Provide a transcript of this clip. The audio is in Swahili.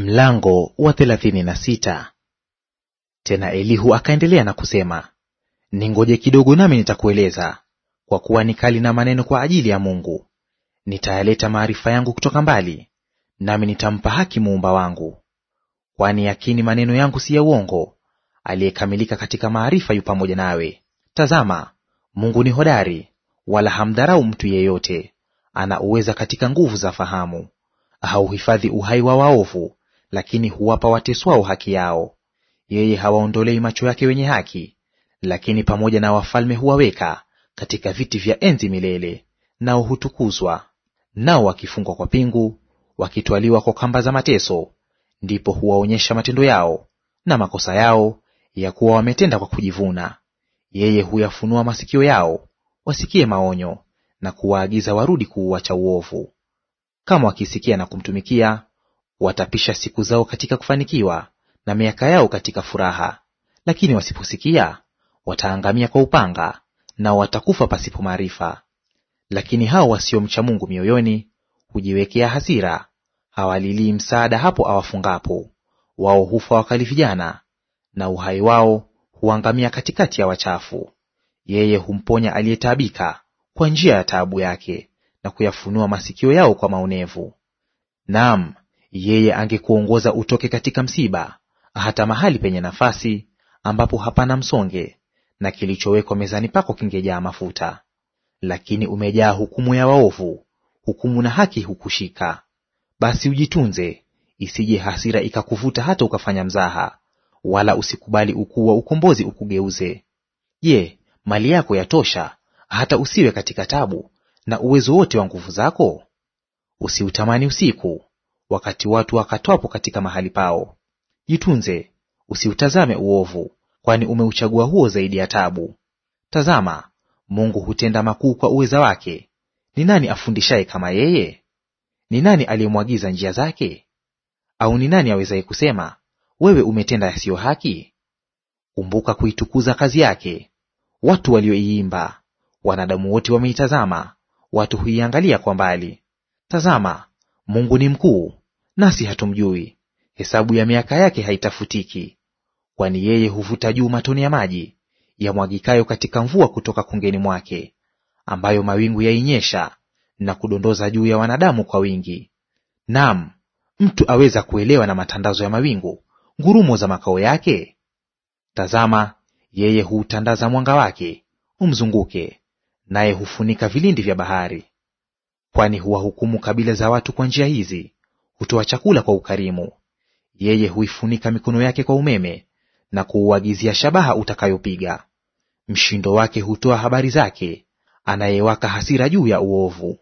Mlango wa thelathini na sita. Tena Elihu akaendelea na kusema, ningoje kidogo, nami nitakueleza, kwa kuwa ni kali na maneno kwa ajili ya Mungu. Nitayaleta maarifa yangu kutoka mbali, nami nitampa haki muumba wangu. Kwani yakini maneno yangu si ya uongo, aliyekamilika katika maarifa yu pamoja nawe. Tazama, Mungu ni hodari, wala hamdharau mtu yeyote, ana uweza katika nguvu za fahamu, hauhifadhi uhai wa waovu lakini huwapa wateswao haki yao. Yeye hawaondolei macho yake wenye haki, lakini pamoja na wafalme huwaweka katika viti vya enzi milele, nao hutukuzwa. Nao wakifungwa kwa pingu, wakitwaliwa kwa kamba za mateso, ndipo huwaonyesha matendo yao na makosa yao ya kuwa wametenda kwa kujivuna. Yeye huyafunua masikio yao wasikie maonyo, na kuwaagiza warudi kuuacha uovu. Kama wakisikia na kumtumikia, Watapisha siku zao katika kufanikiwa na miaka yao katika furaha, lakini wasiposikia wataangamia kwa upanga, nao watakufa pasipo maarifa. Lakini hao wasiomcha Mungu mioyoni hujiwekea hasira, hawalilii msaada hapo awafungapo. Wao hufa wakali vijana, na uhai wao huangamia katikati ya wachafu. Yeye humponya aliyetaabika kwa njia ya taabu yake, na kuyafunua masikio yao kwa maonevu. Naam, yeye angekuongoza utoke katika msiba hata mahali penye nafasi ambapo hapana msonge, na kilichowekwa mezani pako kingejaa mafuta. Lakini umejaa hukumu ya waovu, hukumu na haki hukushika. Basi ujitunze, isije hasira ikakuvuta hata ukafanya mzaha, wala usikubali ukuu wa ukombozi ukugeuze. Je, mali yako yatosha hata usiwe katika tabu, na uwezo wote wa nguvu zako? Usiutamani usiku, wakati watu wakatwapo katika mahali pao. Jitunze, usiutazame uovu, kwani umeuchagua huo zaidi ya tabu. Tazama, Mungu hutenda makuu kwa uweza wake. Ni nani afundishaye kama yeye? Ni nani aliyemwagiza njia zake? Au ni nani awezaye kusema wewe umetenda yasiyo haki? Kumbuka kuitukuza kazi yake, watu walioiimba. Wanadamu wote wameitazama, watu huiangalia kwa mbali. Tazama, Mungu ni mkuu, nasi hatumjui; hesabu ya miaka yake haitafutiki. Kwani yeye huvuta juu matone ya maji yamwagikayo katika mvua kutoka kungeni mwake, ambayo mawingu yainyesha na kudondoza juu ya wanadamu kwa wingi. Naam, mtu aweza kuelewa na matandazo ya mawingu, ngurumo za makao yake? Tazama, yeye huutandaza mwanga wake umzunguke, naye hufunika vilindi vya bahari. Kwani huwahukumu kabila za watu kwa njia hizi, kutoa chakula kwa ukarimu. Yeye huifunika mikono yake kwa umeme na kuuagizia shabaha utakayopiga. Mshindo wake hutoa habari zake, anayewaka hasira juu ya uovu.